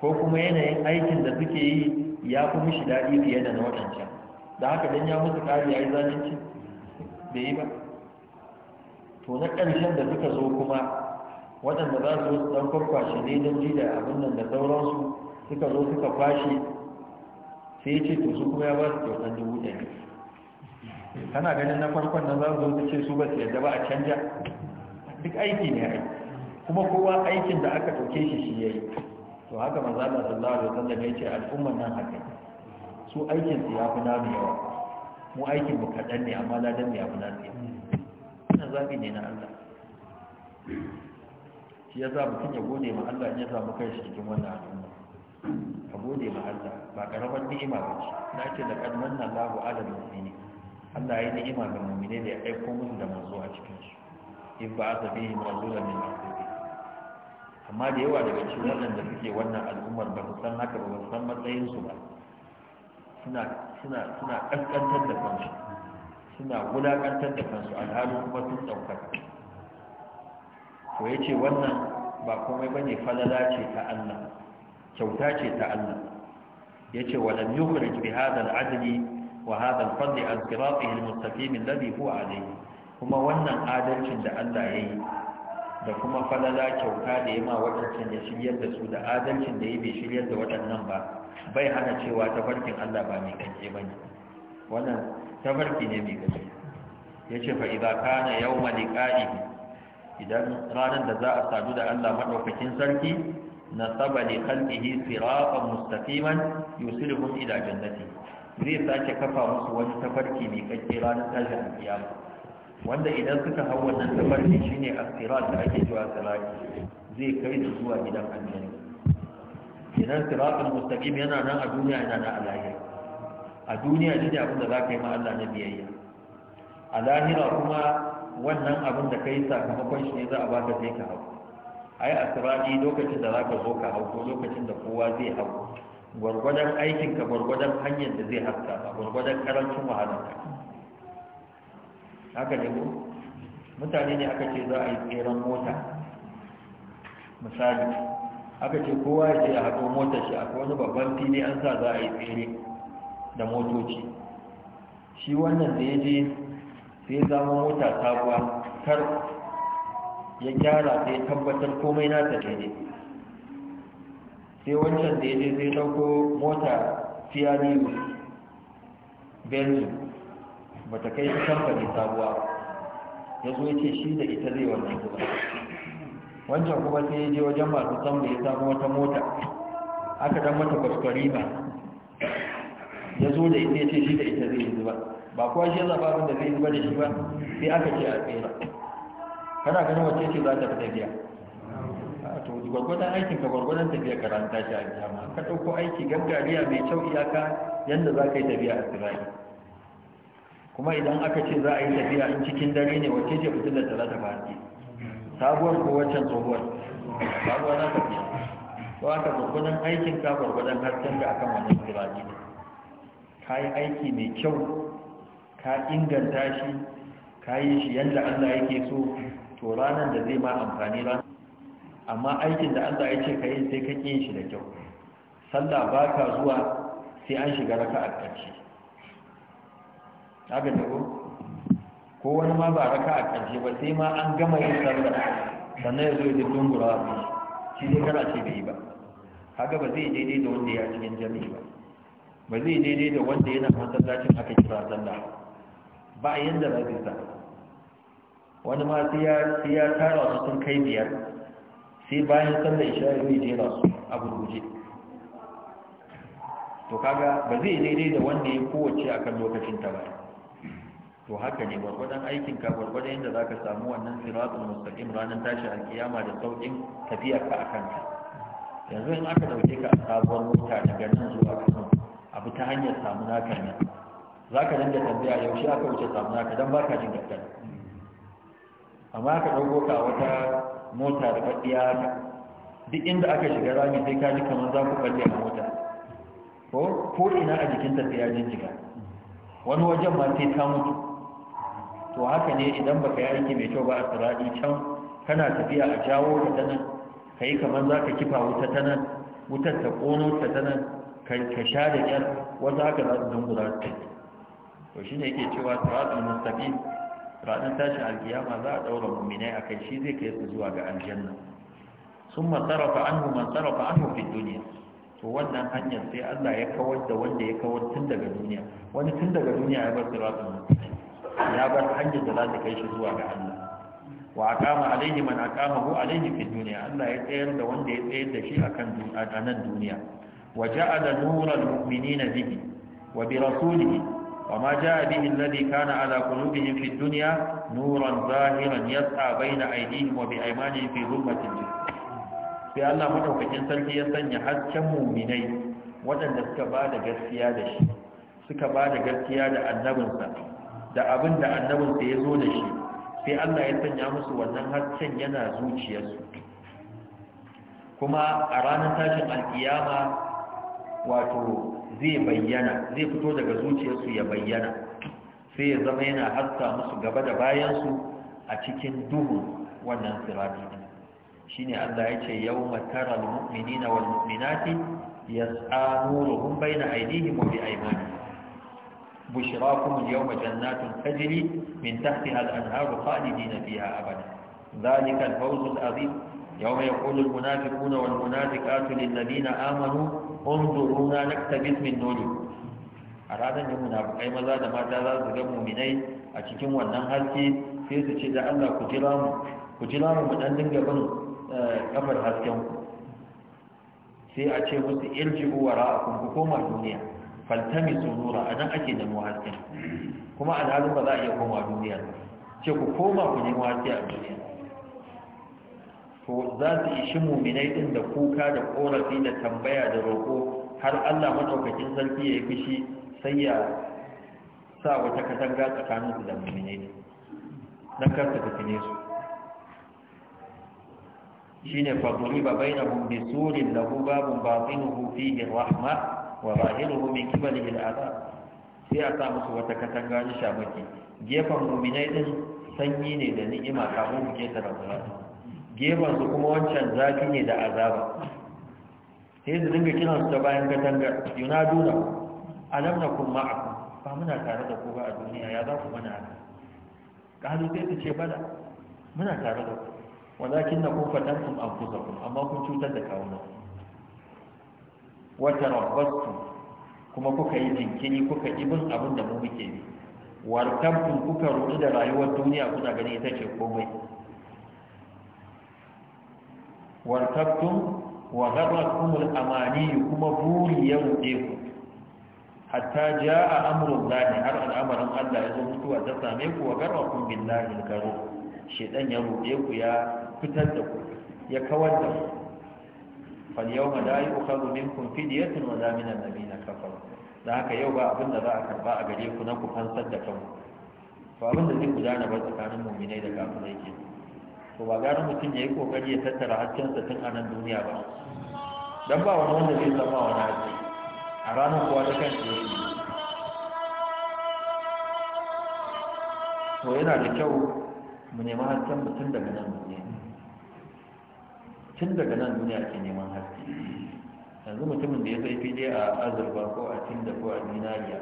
ko kuma yanayin aikin da suke yi ya fi mishi daɗi fiye da na waɗancan da haka dan ya musu ƙari ya yi zalunci bai yi ba to na ƙarshen da suka zo kuma waɗanda za su ɗan kwakwashe don ji da abin nan da sauransu suka zo suka kwashe sai ce to su kuma ya ba su kyautar dubu ɗari kana ganin na farkon na za su zo su ce su ba su yarda ba a canja duk aiki ne ai kuma kowa aikin da aka ɗauke shi shi ya yi to haka maza da sallallahu da wasallam ya ce al'umman nan haka su aikin su ya fi namu yawa mu aikin mu kaɗan ne amma ladan mu ya fi namu yawa wannan zaɓi ne na Allah shi ya za mutum ya gode ma Allah ya samu kai shi cikin wannan al'umma A gode ma Allah ba karamar ni'ima ba ce na ce da kan manna Allahu ala mu'mini Allah ya yi ni'ima ga mu'mine da ya aiko musu da manzo a cikin su in ba aka bihi rasulan min anfusi amma da yawa daga cikin waɗanda suke wannan al'ummar ba su san haka ba ba su san matsayin su ba suna suna suna kaskantar da kansu suna wulakantar da kansu alhalin kuma sun ɗaukar. to ya ce wannan ba komai ba ne falala ce ta Allah kyauta ce ta Allah ya ce wa lam yukhrij bi hadha al-adli wa hadha al-fadl an siratihi al-mustaqim alladhi huwa alayhi kuma wannan adalcin da Allah ya yi da kuma falala kyauta da ya ma waɗancan ya shiryar da su da adalcin da ya bai shiryar da waɗannan ba bai hana cewa tafarkin Allah ba mai kanje ba ne wannan tafarki ne mai kanje ya ce fa idza kana yawma liqa'ihi idan ranar da za a sadu da Allah madaukakin sarki na nasaba li khalqihi siratan mustaqiman yusiluhum ila jannati zai sake kafa musu wani tafarki mai kakke ranar tashin kiyama wanda idan suka hau wannan tafarki shine a sirat da ake zuwa salati zai kai su zuwa gidan aljanna idan siratul mustaqim yana nan a duniya yana na a lahira a duniya ne abin da za ka yi ma Allah na biyayya a lahira kuma wannan abin da ka yi sakamakon shi ne za a ba ka sai ka hau ai asirani lokacin da za ka zo ka hau ko lokacin da kowa zai hau gwargwadon aikinka gwargwadon hanyar da zai haska ba gwargwadon karancin wahalarka haka ne ko mutane ne aka ce za a yi tseren mota misali aka ce kowa ya ce a haɗo motar shi akwai wani babban fili an sa za a yi tsere da motoci shi wannan da ya je sai ya zama mota sabuwa kar ya gyara sai ya tabbatar komai na ta daidai sai wancan da ya je sai dauko mota fiya biyu belgium ba ta kai ta kamfani sabuwa ya zo ya ce shi da ita zai wannan zuba wancan kuma sai ya je wajen masu samu ya samu wata mota aka dan mata kwaskwari ba ya zo da ita ya ce shi da ita zai ba kuwa shi zaɓa abin da zai yi ba da shi ba sai aka ce a tsira kana ganin wacce ce za ta fi tafiya to gwargwadon aikin ka gwargwadon tafiya karanta shi a jama'a ka ɗauko aiki gaggariya mai kyau iyaka yadda za ka yi tafiya a tsira kuma idan aka ce za a yi tafiya in cikin dare ne wacce ce fitilar da za ta fahimci sabuwar ko waccan tsohuwar sabuwar za tafiya fiye to aka gwargwadon aikin ka gwargwadon hasken da akan wannan tsira ne ka yi aiki mai kyau ka inganta shi ka yi shi yadda allah yake so to ranar da zai ma amfani ranar amma aikin da allah ya ce ka yi sai ka ƙin shi da kyau sallah ba ka zuwa sai an shiga raka a ƙarshe haka da ko wani ma ba raka a ƙarshe ba sai ma an gama yin sallah sannan ya zo ya dungura a shi shi dai kana ce bai yi ba haka ba zai daidai da wanda ya cikin jami'i ba ba zai daidai da wanda yana masallacin aka kira sallah ba yanda za bisa. wani ma sai ya tara su sun kai biyar sai bayan sallar isha zai jera su a gurguje to kaga ba zai daidai da wanda ya kowace akan lokacin ta ba to haka ne gwargwadon aikin ka gwargwadon yadda za ka samu wannan siratun mustaqim ranar tashi a kiyama da saukin tafiyar ka a kanta? yanzu in aka dauke ka a sabuwar mota daga nan zuwa kano abu ta hanyar samu na ne za ka dinga tambaya yaushe aka wuce samu ka don ba ka jin gaskiya amma ka ɗauko ka wata mota da faɗiya duk inda aka shiga rami sai ka ji kamar za ku ɓalle a mota ko ko ina a jikinta sai ya jinjiga wani wajen ma sai ta mutu to haka ne idan baka yi aiki mai kyau ba a tsirani can kana tafiya a jawo ka ta nan ka yi kamar za ka kifa wuta ta nan wutar ta ƙono ta ta nan ka sha da ƙyar wata haka za su dungura ta to shi ne yake cewa siratul Mustafi ranar tashin alkiyama za a daura a akai shi zai kai su zuwa ga aljanna summa sarafa anhu man sarafa an fi duniya. to wannan hanyar sai Allah ya kawar da wanda ya kawar tun daga duniya wani tun daga duniya ya bar siratul mustaqim ya bar hanyar da za ta kai shi zuwa ga Allah wa a aqama alaihi man aqamahu alaihi fi duniya? Allah ya tsayar da wanda ya tsayar da shi a nan duniya wa ja'ala nural mu'minina bihi wa bi rasulihi وما جاء به الذي كان على قلوبهم في الدنيا نورا ظاهرا يسعى بين أيديهم وبأيمانهم في ظلمة الجنة sai Allah madaukakin sarki ya sanya hasken muminai waɗanda suka ba da gaskiya da shi suka ba da gaskiya da annabinsa da abin annabinsa ya zo da shi sai Allah ya sanya musu wannan hasken yana zuciyarsu kuma a ranar tashin alkiyama wato zai bayyana zai fito daga zuciyarsu ya bayyana sai ya zama yana haska musu gaba da bayansu a cikin duhu wannan sirabi ne shi allah ya ce yau matara al-mu'mini na wal-mu'minati ya tsanuru hun bai na ainihi mafi aimani bushira kuma yau majannatin tajiri min tahti al-anharu khalidi na biya abada zalika al-fawzul azim yau mai kulul munafiquna wal munafiqatu lil ladina amanu unzuruna naktabis min nuri a ranar da munafukai maza da mata za su ga muminai a cikin wannan haske sai su ce da Allah ku jira mu ku jira mu mu dan dinga bin eh, kafar hasken ku sai a ce musu irji'u wara'akum ku koma duniya faltamisu nura anan ake da kuma ba za a iya koma ce ku koma ku haske a duniya to za su ishi muminai din da kuka da korafi da tambaya da roƙo har Allah matsaukakin sarki ya yi fushi sai ya sa wata katanga tsakanin su da muminai dan kar su fitine su shine fa duriba bainahum bi surin lahu babun hufi da rahma wa ki min qibalihi al'adab sai a sa musu wata katanga na shamaki gefen muminai din sanyi ne da ni'ima kafin mu ke gefen su kuma wancan zafi ne da azaba sai su dinga kiran su ta bayan katanga yunaduna alam a ma'akum ba muna tare da kowa a duniya ya za ku mana haka Ƙalu sai su ce bada muna tare da ku walakin an kusa kun amma kun cutar da kawuna wata rabbastu kuma kuka yi jinkiri kuka bin abin da mu muke yi wartabtum kuka rudu da rayuwar duniya kuna gani ita ce komai wartabtum wa gharrakum al-amani kuma buri ya rude ku hatta jaa amrun lahi har al'amarin Allah ya zo mutuwa ta same ku wa gharrakum billahi al shi shedan ya rude ku ya fitar da ku ya kawar da ku fal yawma la yu'khadhu minkum fidyatun wa la min alladhina kafar? da haka yau ba abin da za a karba a gare ku na ku fansar da kanku ba abinda zai gudana ba tsakanin mu'minai da kafirai kenan to ba gano mutum ya yi kokari ya tattara haskensa tun a nan duniya ba don ba wani wanda zai zama wani haske a ranar kuwa da kan shi to yana da kyau mu nemi hasken mutum daga nan duniya tun daga nan duniya ke neman haske yanzu mutumin da ya zai fili a azurba ko a tinda ko a dinariya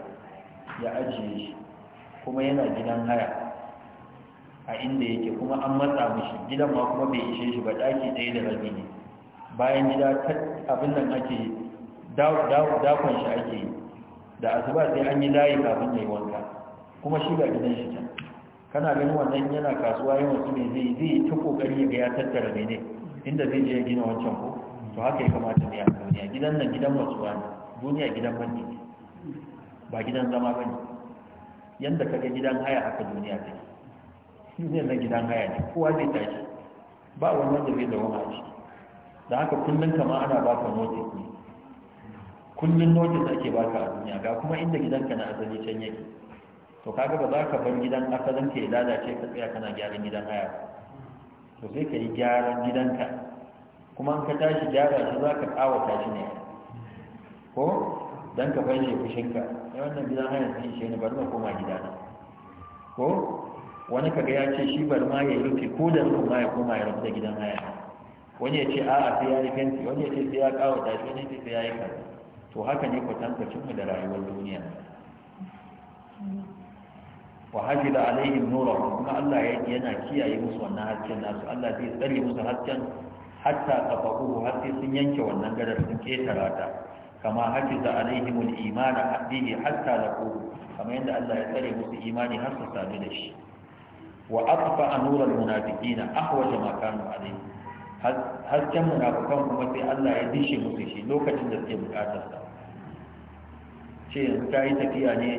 ya ajiye shi kuma yana gidan haya a inda yake kuma an matsa mishi gidan ma kuma bai ishe shi ba daki ɗaya da rabi ne bayan gida abin nan ake dakon shi ake yi da asuba sai an yi layi kafin ya yi wanka kuma shi ga gidan shi can kana ganin wannan yana kasuwa yin wasu ne zai zai ta kokari ya ga ya tattara mene inda zai je ya gina wancan ko to haka ya kamata ne a duniya gidan nan gidan masuwa ne duniya gidan banki ne ba gidan zama bane yanda kaga gidan haya haka duniya take duniyar na gidan haya ne kowa zai tashi ba wani wanda zai zama a ciki da haka kullum kama ana ba ka motsi ne kullum da ake baka a duniya ga kuma inda gidanka na asali can yake to kaga ba za ka bar gidan asalin ka ya lalace ka tsaya kana gyaran gidan haya to sai ka yi gyaran gidanka kuma in ka tashi gyara shi za ka kawata shi ne ko dan ka fashe fushinka ya wannan gidan haya sun shi ne bari na koma gidana ko wani kaga ya ce shi bar ma ya yi rufi ko da rufin ma ya koma ya rufe gidan haya wani ya ce a'a sai ya yi fenti wani ya ce sai ya kawo dashi wani ya ce sai ya yi kaza to haka ne ku kwatankwacin mu da rayuwar duniya wa hajjila alaihim nurahum kuma Allah ya yana kiyaye musu wannan hasken nasu Allah zai tsare musu hasken hatta qafahu har sai sun yanke wannan gadar sun ketara ta kama hajiza alaihim al-iman bihi hatta laqu kamar yadda Allah ya tsare musu imani har su sadu da shi wa atfa anura almunafiqina ahwaja ma kanu alayhi hasken munafikan kuma sai Allah ya dishe musu shi lokacin da suke bukatar sa ce yanzu ta yi tafiya ne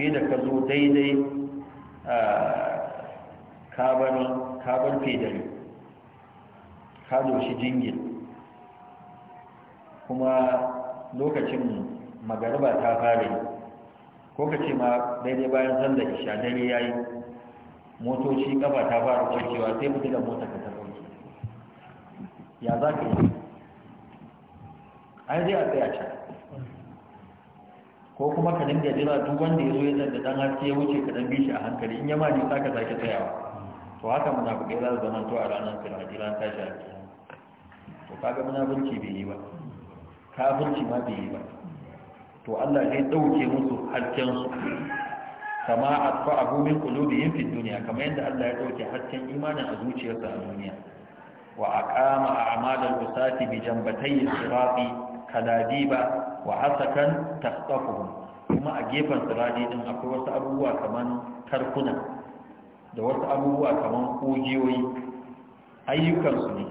sai da ka zo daidai kabar fedari ka doshi jingin kuma lokacin magariba ta fara yi ko ka ce ma daidai bayan sanda isha dare ya yi motoci kafa ta fara kwancewa sai mutu da mota ka ta kwanci ya za ka yi ai zai a tsaya can ko kuma ka dinga jira duk wanda ya zo ya zanta dan haske ya wuce ka dan bi shi a hankali in yama ne za ka sake tsayawa to haka muna munafukai za su zama to a ranar firajira ta shi a to kaga munafurci bai yi ba kafirci ma bai yi ba to Allah zai dauke musu hakkin su kama atfa abu min yin fi duniya kamar yadda Allah ya dauke hasken imanin a zuciyarsa a duniya wa aqama a'mal al-usati bi jambatay sirati kaladiba wa hasakan tahtafuhum kuma a gefen sirati din akwai wasu abubuwa kaman karkuna da wasu abubuwa kaman kogiyoyi ayyukan su ne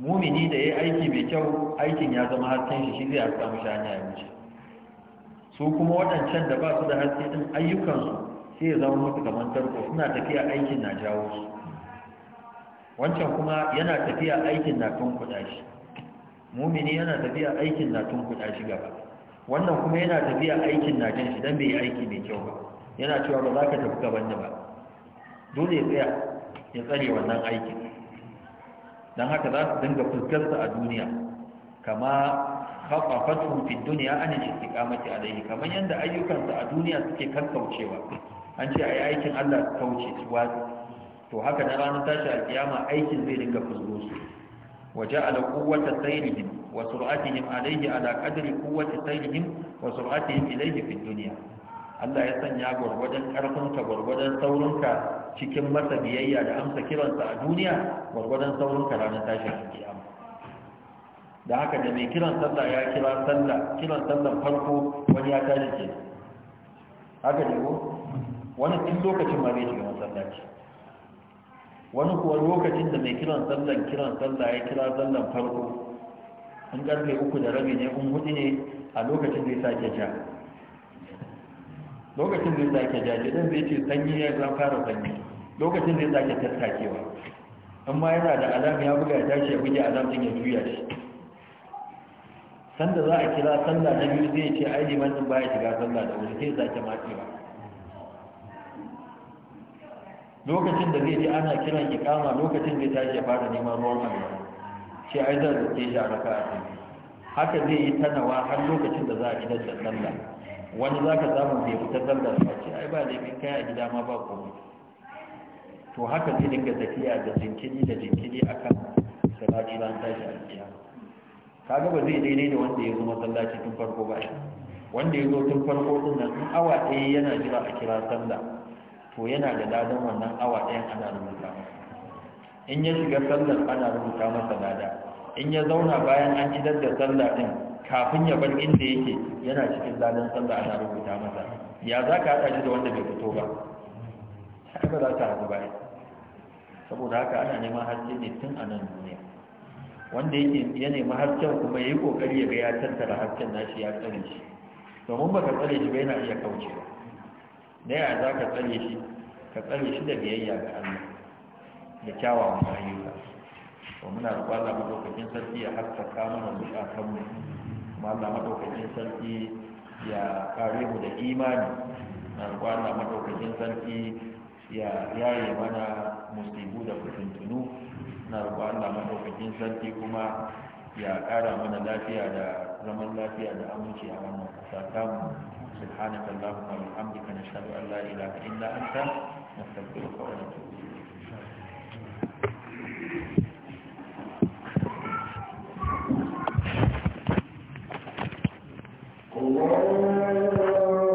mumini da yayi aiki mai kyau aikin ya zama hasken shi shi zai samu shani ya wuce su kuma waɗancan da ba su da haske ɗin ayyukansu sai ya zama musu kamar tarko suna tafiya aikin na jawo su wancan kuma yana tafiya aikin na tun kuɗa shi mumini yana tafiya aikin na tun kuɗa shi gaba wannan kuma yana tafiya aikin na jan shi don bai yi aiki mai kyau ba yana cewa ba za ka tafi gaban ni ba dole ya tsaya ya tsare wannan aikin don haka za su dinga fuskarsa a duniya kama khafafatu fi dunya an istiqamati alayhi kamar yanda ayyukansa a duniya suke kankaucewa an ce ai aikin Allah kauce su wazi to haka na ranar tashi alkiyama aikin zai dinga fuzgo su waje waja'ala quwwata sayrihim wa sur'atihim alayhi ala qadri quwwati sayrihim wa sur'atihim ilayhi fi dunya Allah ya sanya gwargwadon ƙarfinka gwargwadon saurinka cikin masa biyayya da amsa kiransa a duniya gwargwadon saurinka ranar tashin alkiyama da haka da mai kiran sallah ya kira sallah kiran sallah farko wani ya tashi ke haka ne ko wani tun lokacin ma zai shiga masallaci wani kuwa lokacin da mai kiran sallah kiran sallah ya kira sallah farko in karfe uku da rabi ne in hudu ne a lokacin zai sake ja lokacin zai sake ja idan zai ce sanyi ya zan fara sanyi lokacin zai sake tattakewa amma yana da alam ya buga ya tashi ya buge alam din ya juya shi sanda za a kira sallah na biyu zai ce ai liman din baya shiga sallah da wuri sai mace ba. lokacin da zai ji ana kiran ikama lokacin zai tashi ya fara neman ruwan Allah sai ai zan roke shi a raka a cikin haka zai yi tanawa har lokacin da za a gidan da sallah wani za ka samu bai fita Sallah ba ce ai ba laifin kai a gida ma ba komai to haka zai dinga tafiya da jinkiri da jinkiri akan salati ran tashi alkiyama kaga ba zai daidai da wanda ya zo masallaci tun farko ba wanda ya zo tun farko din nan in awa ɗaya yana jira a kira sallah to yana da dadan wannan awa ɗayan ana rubuta in ya shiga sallar ana rubuta masa dada in ya zauna bayan an idar da sallah din kafin ya bar inda yake yana cikin dadan sallah ana rubuta masa ya za ka haɗa shi da wanda bai fito ba haka za ta haɗu ba saboda haka ana neman haske ne tun a nan duniya wanda yake ya nemi hasken kuma ya yi kokari ya ga ya tattara hasken nashi ya tsare shi domin baka tsare shi ba yana iya kauce kaucewa da yaya za ka tsare shi ka tsare shi da biyayya ga Allah da kyawawan ayyuka to muna roƙon Allah madaukakin sarki ya haskaka mana bukatun mu kuma Allah madaukakin sarki ya kare mu da imani na roƙon Allah sarki ya yaye mana musibu da fitintunu na roƙo Allah madaukakin sarki kuma ya ƙara mana lafiya da zaman lafiya da aminci a wannan ƙasa tamu subhanaka allahumma wa bihamdika nashhadu an la ilaha illa anta nastaghfiruka wa natubu ilayk Thank you.